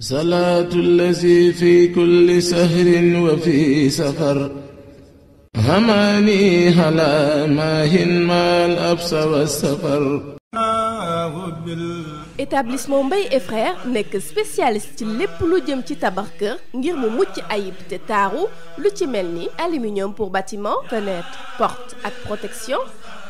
salaatu allazi fi kulli sahrin wa fi safar hamaani halaa maahin maal absa wa safar établissement Mbaye et nekk spécialiste ci lépp lu jëm ci tabax kër ngir mu mucc ayib te taaru lu ci mel ni aluminium pour bâtiment fenêtre porte ak protection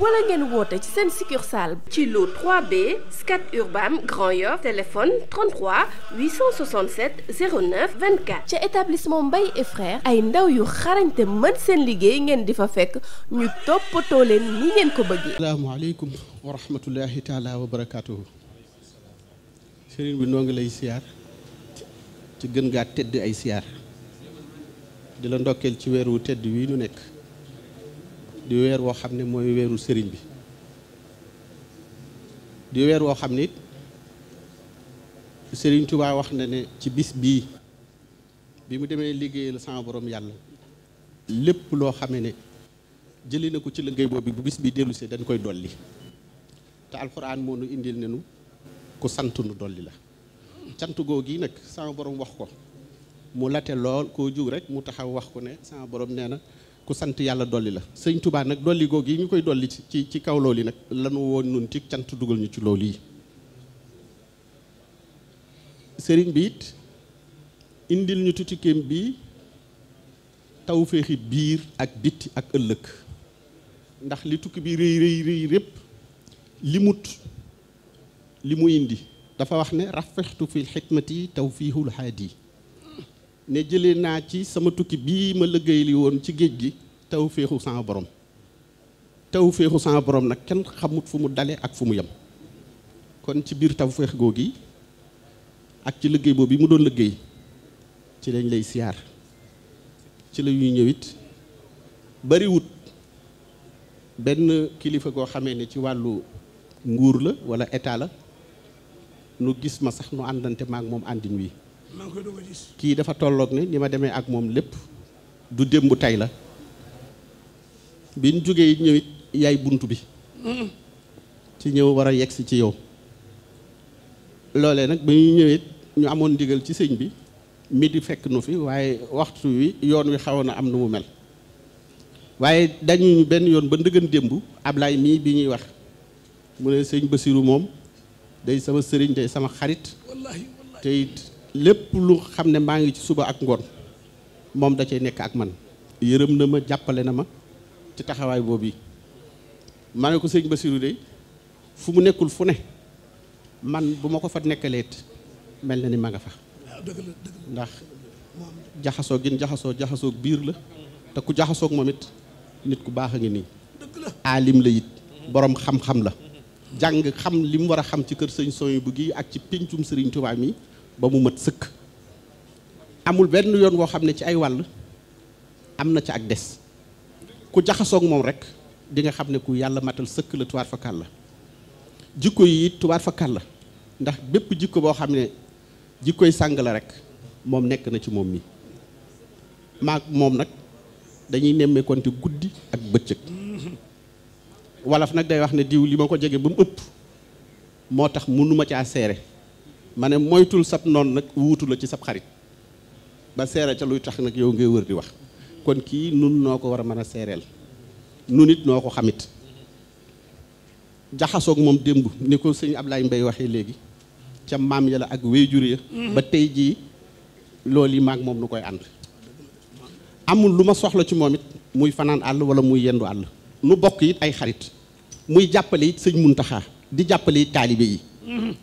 wala ngeen woote ci seen succursale ci lu 3B Scat Urbam Grand Yoff téléphone 33 ca établissement Mbaye et ay ndaw yu xarañte mën seen liggéey ngeen di fa fekk ñu toppatoo leen ni ngeen ko bëggee asalaamaaleykum wa rahmatullahi taala wa barakatuhu sëriñ bi noo lay siyaar ci gën ngaa tedd ay siyaar di la ndokkeel ci weer wu tedd wii nu nekk di weer woo xam ne mooy weeru sëriñ bi di weer woo xam ne sëriñ Tuubaa wax na ne ci bis bii bi mu demee liggéey la sama boroom yàlla lépp loo xam ne jëli na ko ci liggéey bi bu bis bi dellusee dañ koy dolli te alxuraan moo nu indil ne nu ku sant nu dolli la sant googu yi nag sama boroom wax ko mu late lool koo jug rek mu taxaw wax ko ne sama boroom nee na ku sant yàlla dolli la sëñ tubaa nag dolli googu yi ñu koy dolli ci ci kaw loolu yi nag lanu woon nun ci cant dugal ñu ci loolu yi sëriñ bi it indil ñu tutikeem bi tawféexi biir ak bitti ak ëllëg ndax li tukki bi rëy li mut indi dafa wax ne rafextu fi xikmati tawfiixul haadi ne jële naa ci sama tukki bii ma liggéey li woon ci géej gi taw féexu sama boroom taw féexu sama borom nag kenn xamut fu mu dale ak fu mu yem kon ci biir taw féex googi ak ci liggéey boobu mu doon liggéey ci lañ lay siyaar ci la ñuy ñëwit bariwut benn kilifa goo xame ne ci wàllu nguur la walla état la nu gis ma sax nu àndante maak moom àndin wi kii dafa tollook ne ni ma demee ak moom lépp du démb tey la bi ñu jógee ñëw yaay bunt bi ci ñëw war a yegsi ci yow loole nag ba ñu ñëwee ñu amoon ndigal ci sëñ bi mi di fekk nu fi waaye waxtu wi yoon wi xawoon na am nu mu mel waaye dañuñu benn yoon ba ndëgën démb Ablaay mii bi ñuy wax mu ne sëñ Basiru moom day sama sëriñ day sama xarit te lépp lu xam ne maa ngi ci suba ak ngoon moom da cay nekk ak man yërëm na ma jàppale na ma ci taxawaay boobu ma ne ko sëñ Bassirou de fu mu nekkul fu ne man bu ma ko fa nekkaleet mel na ni ma nga fa ndax jaxasoo gin jaxasoo jaxasoo biir la te ku jaxasoog moom it nit ku baax a ngi nii aalim la it borom xam-xam la jàng xam li mu war a xam ci kër sëñ Soyibu gi ak ci pincum sëriñ tubaab mi ba mu mat sëkk amul benn yoon woo xam ne ci ay wàll am na ca ak des ku jaxasoog moom rek di nga xam ne ku yàlla matal sëkk la tubaar fakal la jikko yi it tubaar fakal la ndax bépp jikko boo xam ne jikkoy sàng la rek moom nekk na ci moom mi maag moom nag dañuy nemmeekonte guddi ak bëccëg wolof nag day wax ne diw li ma ko jege ba mu ëpp moo tax mënuma caa seere ma ne moytul sab noonu nag wuutu la ci sab xarit ba seere ca luy tax nag yow ngay wër di wax kon kii nun noo ko war a mën a seereel nun it noo ko xamit jaxasoog moom démb ni ko sëñ Ablaye Mbaye waxee léegi ca maam yala ak wéyjur ya mm-hmm. ba tey jii loolu yi maag moom nu koy ànd amul lu ma soxla ci moom it muy fanaan àll wala muy yendu àll nu bokk it ay xarit muy jàppale it sëñ Muntaxa di jàppale it taalibe yi mm-hmm.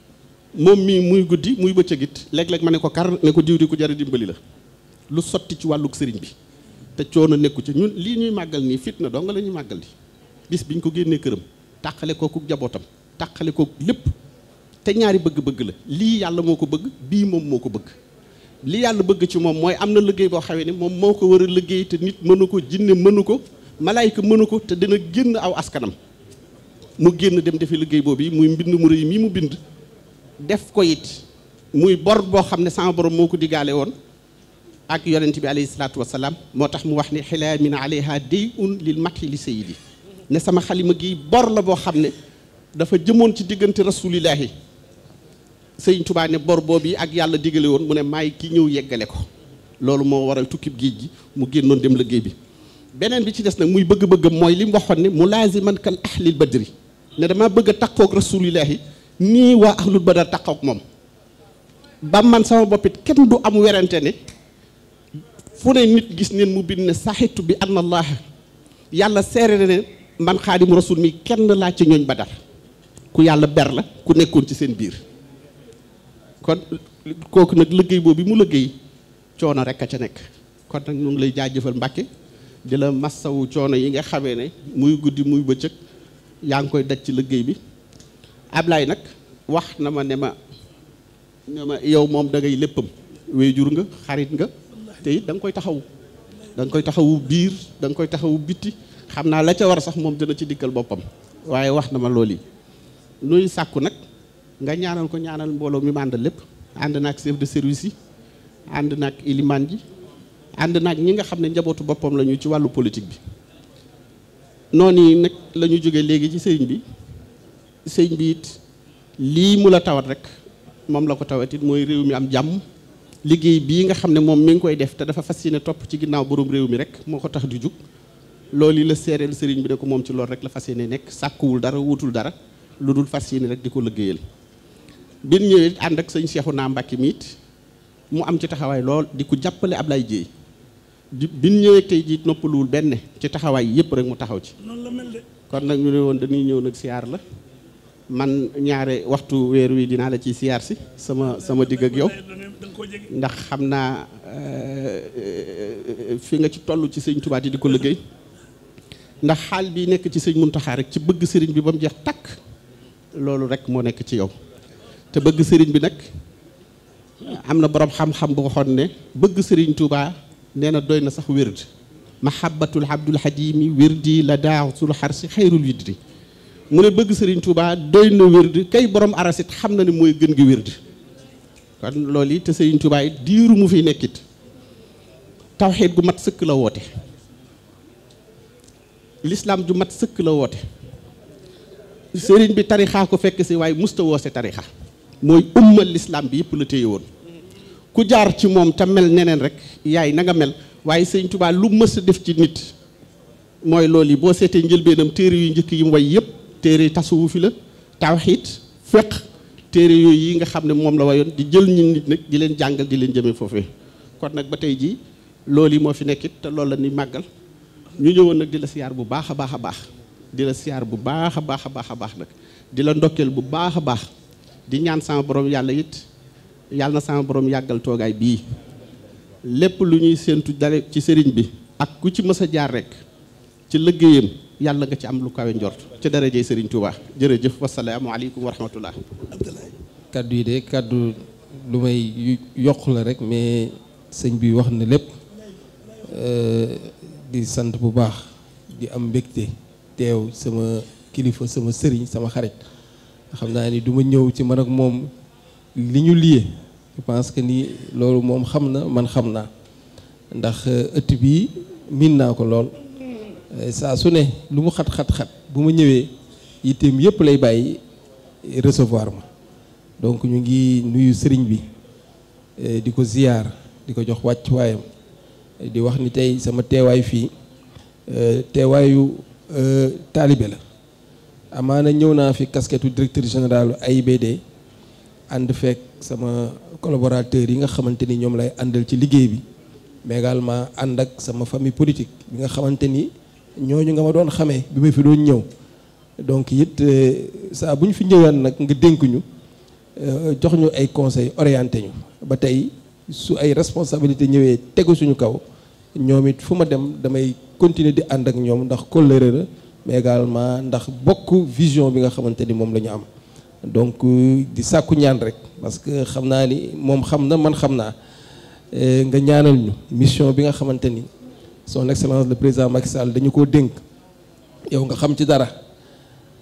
moom mii muy guddi muy bëccëg it léeg-léeg ma ne ko kar ne ko diw di ku jar a dimbali la lu sotti ci wàllug sëriñ bi te coono nekku ci ñun lii ñuy màggal nii fitna dong la ñuy màggal di bis biñ ko génnee këram tàqale kooku jabootam tàqale kooku lépp te ñaari bëgg-bëgg la lii yàlla moo ko bëgg bii moom moo ko bëgg lii yàlla bëgg ci moom mooy am na liggéey boo xawee ne moom moo ko war a liggéey te nit mënu ko jinne mënu ko malaayka mënu ko te dina génn aw askanam mu génn dem defi liggéey boobu yi muy mbind mu rëy mii mu bind def ko muy bor boo xam ne sama borom moo ko diggaale woon ak yonent bi alayhi salaatu wasalaam moo tax mu wax ne xilaamin alayha day un lil mati li sayidi ne sama xalima gi bor la boo xam ne dafa jëmoon ci diggante rasulillahi sëñ Tuubaa ne bor boobu ak yàlla digale woon mu ne maay ki ñëw yeggale ko loolu moo waral tukki géej gi mu génnoon dem liggéey bi beneen bi ci des nag muy bëgg-bëggam mooy li mu waxoon ne mu laasiman kal ahlil badri ne dama bëgg a takkoog rasulillahi nii waa ahlul badar taxaw ak moom ba man sama boppit kenn du am werante ne fu ne nit gis neen mu bind ne saxetu bi anna allah yàlla seere ne man xaadim rasul mi kenn laaj ci ñooñ badar ku yàlla ber la ku nekkoon ci seen biir kon kooku nag liggéey boobu mu liggéey coono rek a ca nekk kon nag ñu ngi lay jaajëfal Mbàkke di la massawu coono yi nga xamee ne muy guddi muy bëccëg yaa ngi koy daj ci liggéey bi ab Ablaye nag wax na ma ne ma ne ma yow moom da ngay léppam wéyjur nga xarit nga tey danga koy taxawu da koy taxawu biir danga koy taxawu bitti xam naa la ca war sax moom dina ci dikkal boppam waaye wax na ma loolu yi nuy sàkku nag nga ñaanal ko ñaanal mbooloo mi àndal lépp ànd ak chef de service yi ànd naag ilimaan ji ànd naag ñi nga xam ne njabootu boppam lañu ci wàllu politique bi noonu yi nag la jóge léegi ci sëriñ bi sëñ biit lii mu la tawat rek moom la ko tawat it mooy réew mi am jàmm liggéey bii nga xam ne moom mi ngi koy def te dafa fas yéene topp ci ginnaaw boroom réew mi rek moo ko tax di jug lool yi la seereel sëriñ bi ne ko moom ci loolu rek la fas yéene nekk sàkkuwul dara wutul dara lu dul fas yéene rek di ko liggéeyal bin ñëwee ànd ak sëñ Cheikhouna Mbacké mi it mu am ci taxawaay lool di ko jàppale ab Ablaye Dieye bin ñëwee tey jii noppaluwul benn ci taxawaay yëpp rek mu taxaw ci. noonu la mel kon nag ñu woon dañuy ñëw nag siyaar la. man ñaare waxtu weer wi dinaa la ci siyaar si sama sama digg yow ndax xam naa euh, fi nga ci toll ci sëñ Tuubaa di ko liggéey ndax xaal bi nekk ci sëñ Muntaxa rek ci bëgg sëriñ bi ba mu jeex takk loolu rek moo nekk ci yow te bëgg sëriñ bi nag am na boroom xam-xam bu waxoon ne bëgg sëriñ Tuubaa nee na doy na sax wér wérd mahabbatul abdul hadimi wérdi la daasul si xayrul widdi mu ne bëgg sëriñ Touba doy na wérd kay boroom arasit xam na ne mooy gën gi wérd kon loolu yi te sëriñ Touba it diiru mu fi nekkit tawxiid gu mat sëkk la woote lislaam ju mat sëkk la woote sëriñ bi tarixaa ko fekk si waaye musta woose tarixa mooy umma lislaam bi yëpp la téye woon ku jaar ci moom te mel neneen rek yaay na nga mel waaye sëriñ Touba lu mës def ci nit mooy loolu yi boo seetee njëlbeenam téere yu njëkk yi mu way yëpp téere tasawuf fi la tawxiid feq téere yooyu yi nga xam ne moom la wayoon di jël ñi nit nag di leen jàngal di leen jëmee foofee kon nag ba tey jii loolu yi moo fi nekkit te loolu la ni màggal ñu ñëwoon nag di la siyaar bu baax a baax a baax di la siyaar bu baax a baax a baax a baax nag di la ndokkeel bu baax a baax di ñaan sama borom yàlla yit yàlla na sama borom yàggal toogaay bii lépp lu ñuy séentu dale ci sëriñ bi ak ku ci mës a jaar rek ci liggéeyam yàlla nga ci am lu kawe njort ci darajey sëriñ Touba jërëjëf wasalaamualeykum wa rahmatullah Abdoulaye kàddu yi de kàddu lu may yokk la rek mais sëñ bi wax na lépp euh, di sant bu baax di am mbégte teew sama kilifa sama sëriñ sama xarit xam naa ni duma ñëw ci man ak moom li ñu liyee je pense que ni loolu moom xam na man xam naa ndax euh, ëtt bi miin naa ko lool Eh, saa su ne lu mu xat-xat-xat bu ma ñëwee yitteem yëpp lay bàyyi recevoir ma donc ñu ngi nuyu sëriñ bi eh, di ko ziyaar di ko jox wàcc waayam eh, di wax ni tey sama teewaay fii teewaayu taalibe la amaana ñëw naa fi kasketu directeur général ay AIBD ànd fekk sama collaborateur yi nga xamante ni ñoom lay àndal ci liggéey bi mais ànd ak sama famille politique bi nga xamante ni ñooñu nga ma doon xamee bi ma fi doon ñëw donc it euh, saa bu ñu fi ñëwaan nag nga dénk ñu euh, jox ñu ay conseil orienté ñu ba tey su ay responsabilité ñëwee tegu suñu kaw ñoom it fu ma dem damay continuer di ànd ak ñoom ndax kóllëre la mais également ndax bokk vision bi nga xamante ni moom la ñu am donc euh, di sàkku ñaan rek parce que xam naa ni moom xam na man xam naa nga ñaanal ñu mission bi nga xamante ni son excellence le président Macky Sall dañu koo dénk yow nga xam ci dara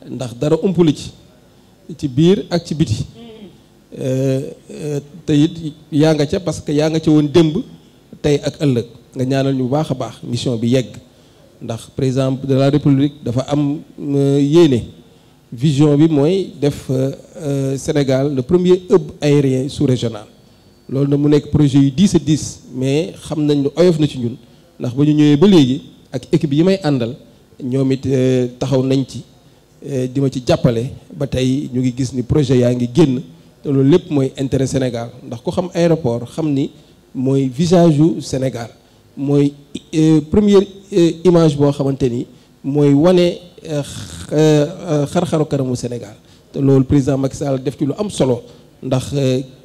ndax dara umpuli ci ci biir ak ci biti euh, te yaa nga ca parce que yaa nga ca woon démb tey ak ëllëg nga ñaanal ñu bu baax a baax mission bi yegg ndax président de la république dafa am euh, yéene vision bi mooy def euh, Sénégal le premier hub aérien sous-régional loolu na mu nekk projet yu 10 a 10 mais xam nañ oyof na ci ñun ndax ba ñu ñëwee ba léegi ak équipe yi may àndal ñoom it euh, taxaw nañ ci euh, di ma ci jàppale ba tey ñu ngi gis ni projet yaa ngi génn te loolu lépp mooy intérêt Sénégal ndax ku xam aéroport xam ni mooy visage yu Sénégal mooy euh, première image boo xamante ni mooy wane xar-xaru kanamu Sénégal te loolu président Macky def ci lu am solo ndax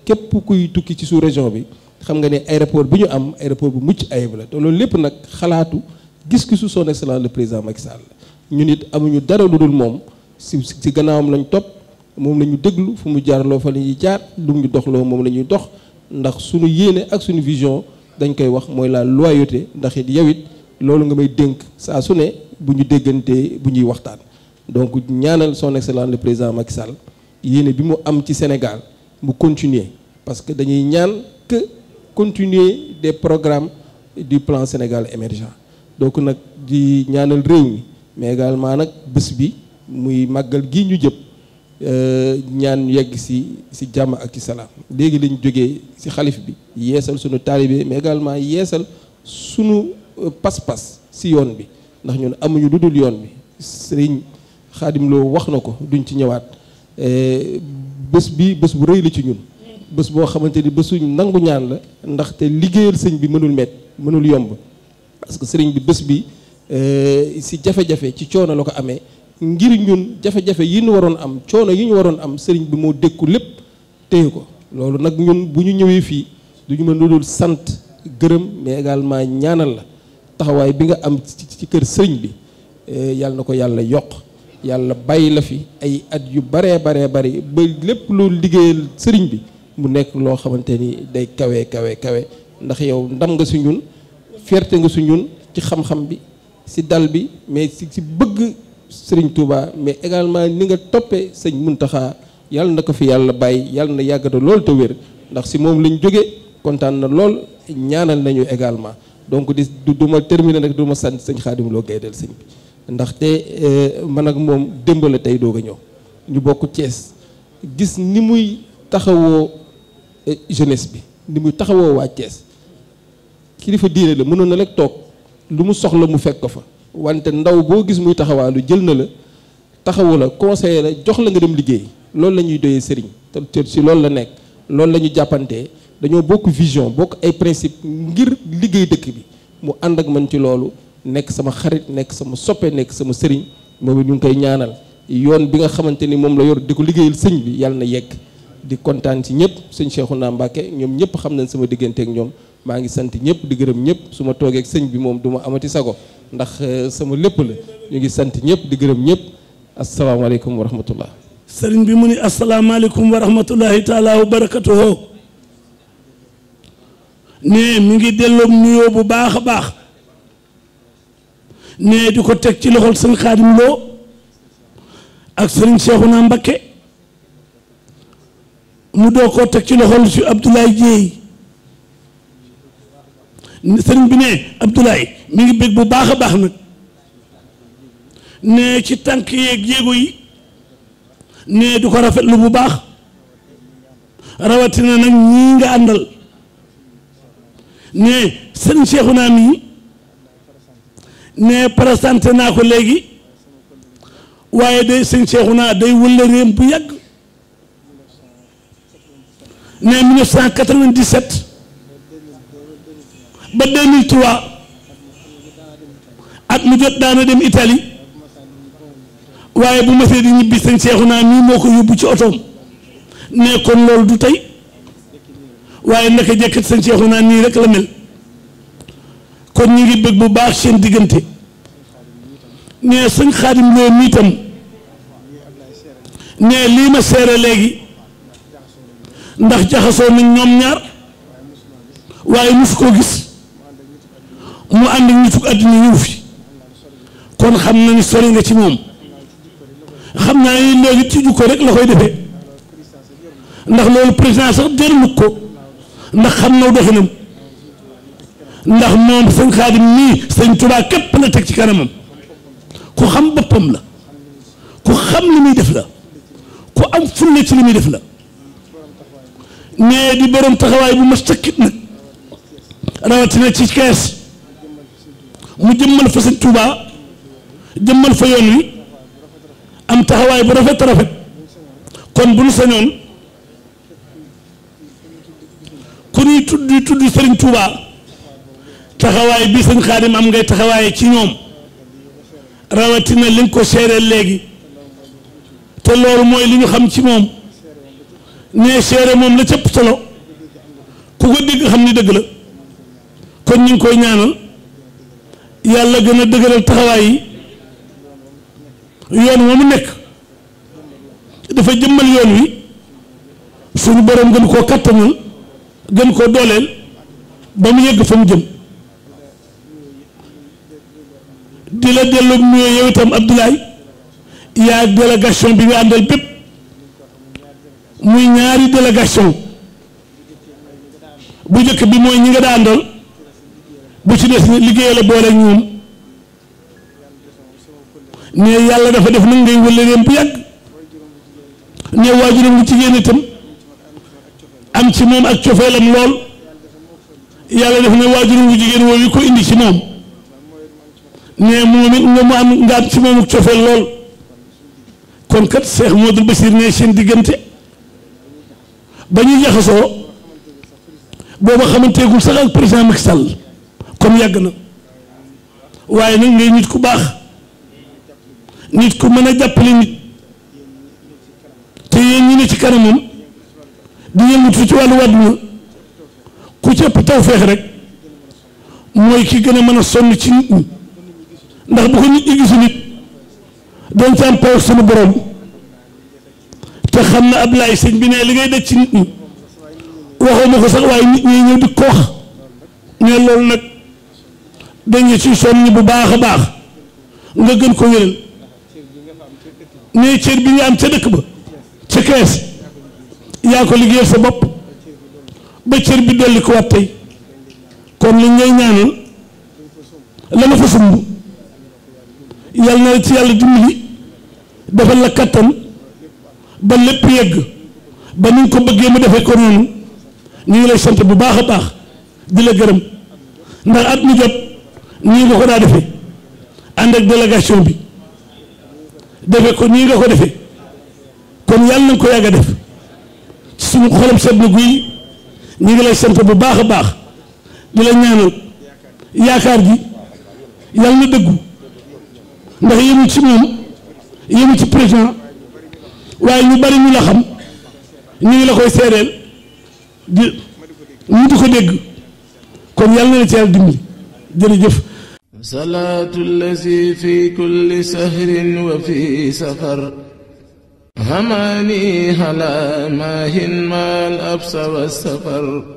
képp kuy tukki ci sous région bi xam nga ne aéroport bi ñu am aéroport bu mucc ayib la te loolu lépp nag xalaatu gis-gisu son excellence le président Macky Sall ñu nit amuñu dara lu dul moom si si gannaawam lañ topp moom la ñu déglu fu mu jaarloo fa la ñuy jaar lu mu ñu doxloo moom la ñuy dox ndax suñu yéene ak suñu vision dañ koy wax mooy la loyauté ndax it yow it loolu nga may dénk saa su ne bu ñu déggantee bu ñuy waxtaan donc ñaanal son excellence le président Macky Sall yéene bi mu am ci Sénégal mu continuer continuer des programme du plan Sénégal émergent donc nag di ñaanal réew mi mais nag bés bi muy màggal gi ñu jëpp euh, ñaan yegg si si jàmm ak ci salaam léegi lañ jógee si xalif bi yeesal sunu taalibe mais également yeesal sunu euh, pas-pas si yoon bi ndax ñun amuñu lu dul yoon bi sëriñ Xaadim Lo wax na ko duñ ci ñëwaat euh, bés bi bés bu rëy la ci ñun bés boo xamante ni bésuñ nangu ñaan la ndaxte liggéeyal sëñ bi mënul met mënul yomb parce que sëriñ bi bés bi euh, si jafe-jafe ci coono la ko amee ngir ñun jafe-jafe yi ñu waroon am coono yi ñu waroon am sëriñ bi moo dékku lépp téye ko loolu nag ñun bu ñu ñëwee fii du ñu mën lu dul sant gërëm mais également ñaanal la taxawaay bi nga am ci kër sëriñ bi euh, yàlla na ko yàlla yokk yàlla bàyyi la fi ay at yu baree baree bari ba lépp loolu liggéeyal sëriñ bi mu nekk loo xamante ni day kawe kawe kawe ndax yow ndam nga su ñun fierté nga su ñun ci xam-xam bi si dal bi mais si si bëgg Serigne Touba mais également ni nga toppee sëñ Muntaxa yàlla na ko fi yàlla bàyyi yàlla na yàggata lool te wér ndax si moom lañ jóge kontaan na lool ñaanal nañu également donc di du ma terminer nag du ma sant sëñ Xaadim Lo Gaydel ndax te ndaxte euh, man ak moom démb la tey doog a ñëw ñu bokk Thiès gis ni muy taxawoo Eh, jeunesse bi ni muy taxawoo waa Thiès kilifa diine la mënoon na rek toog lu mu soxla mu fekk ko fa wante ndaw boo gis muy taxawaalu jël na la taxawu la conseiller la jox la nga dem liggéey loolu la ñuy doyee sëriñ te si loolu la nekk loolu la ñu jàppantee dañoo bokk vision bokk ay principe ngir liggéey dëkk bi mu ànd ak man ci loolu nekk sama xarit nekk sama soppe nekk sama sëriñ moom it ñu koy ñaanal yoon bi nga xamante ni moom la yor di ko liggéeyal sëñ bi yàlla na yegg di kontaan ci ñëpp sëñ Cheikhouna Mbacke ñoom ñëpp xam nañ sama digganteek ñoom maa ngi sant ñëpp di gërëm ñëpp su ma toogeek sëñ bi moom duma amati sago ndax euh, sama lépp la ñu ngi sant ñëpp di gërëm ñëpp asalaamaaleykum wa rahmatullah sëriñ bi mu ni asalaamaaleykum wa rahmatullahi taala wa barakatuhu ne mi ngi delloo nuyoo bu baax a baax ne di ko teg ci loxol sëñ Xaadim ak sëriñ Cheikhouna Mbacke mu doo koo teg ci loxol si Abdoulaye Dieye sëriñ bi ne Abdoulaye mu ngi bég bu baax a baax nag ne ci tànk yeeg jéego yi ne du ko rafet lu bu baax rawatina nag ñii nga àndal ne sëriñ Seexu naa mii ne présenté naa ko léegi waaye day sëriñ Seexu naa day wëllëreem bu yàgg mais 1997 ba 2003 at mu jot daana dem itali waaye bu masee di ñibbi sëñ seexu naa nii moo ko yóbbu ci otoom ne kon loolu du tey waaye naka jekkat sañ seexu naa nii rek la mel kon ñu ngi bëgg bu baax seen diggante ne sëñ xaadim loo niitam ne lii ma seere léegi ndax jaxasoo nañ ñoom ñaar waaye musu koo gis mu ànd ak nituk àddina ñëw fi kon xam na ni sori nga ci moom xam naa ni léegi ci jukko rek la koy defee ndax loolu président sax jarul ko ndax xam na doxinam ndax moom sëñ xaadim nii sëñ Tuubaa képp la teg ci kanamam ku xam boppam la ku xam li muy def la ku am fulle ci li muy def la mais di borom taxawaay bu ma sëkkit nag rawatina ci kees mu jëmmal fa sëñ Touba jëmmal fa yoon wi am taxawaay bu rafet rafet kon bu nu sañoon ku ñuy tudd tudd sëriñ Touba taxawaay bi sëñ Xaadim am ngay taxawaay ci ñoom rawatina li nga ko seeree léegi te loolu mooy li ñu xam ci moom. nee seere moom la cëpp solo ku ko dégg xam ni dëgg la kon ñu ngi koy ñaanal yàlla gën a dëgëral taxawaay yi yoon moo mu nekk dafa jëmmal yoon wi suñu borom gën koo kattanal gën koo dooleel ba mu yegg fa mu jëm di la delloo nuyoo yow itam Abdoulaye yaa délégation bi nga àndal bépp muy ñaari délégation bu njëkk bi mooy ñi nga daan doon bu ci des liggéey la boole ñoom ne yàlla dafa def nag ngay wëlëreem bu yàgg ne waajuram bu jigéen itam am ci moom ak cofeelam lool yàlla def ne waajuram bu jigéen woowu ko indi ci moom ne moom it nga mu am nga am ci moom ak cofeel lool kon kat Cheikh Modou Bachir ne seen diggante. ba ñuy jaxasoo booba xamanteegul sax ak président Macky Sall comme yàgg na waaye nag ngay nit ku baax nit ku mën a jàppale nit te ñu ñi ne ci kanamam di yëngut fi ci wàllu wàdduna ku ci ëpp taw feex rek mooy ki gën a mën a sonn ci nit ñi ndax bu ko nit ñi gisu nit doon ci am paw suñu borom te xam na Ablaye sëñ bi ne li ngay def ci nit ñi waxuma ko sax waaye nit ñi ñëw di ko wax loolu nag dañu ci soññ bu baax a baax nga gën ko wéral ne cër bi nga am ca dëkk ba ca kees yaa ko liggéeyal sa bopp ba cër bi dolli ko waat tey kon li ngay ñaanal la nga fa sumb yàlla na ci yàlla dimbali defal la kattan ba lépp yegg ba ni ñu ko bëggee mu defee ko noonu ñu ngi lay sant bu baax a baax di la gërëm ndax at mu jot nii nga ko daa defee ànd ak bi defee ko nii nga ko defee kon yàlla nañ ko yàgg a def suñu xolam sedd na guy ñu ngi lay sant bu baax a baax di la ñaanal yaakaar gi yàlla na dëggu ndax yému ci moom yému ci président waaye ñu bari ñu la xam ñu ngi la koy seedeel di di ko dégg kon yàlla na la ci yàlla dimbali jërëjëf salaatu allazi fi kulli sahrin wa fi safar hamaani hala maahin maal absa wa safar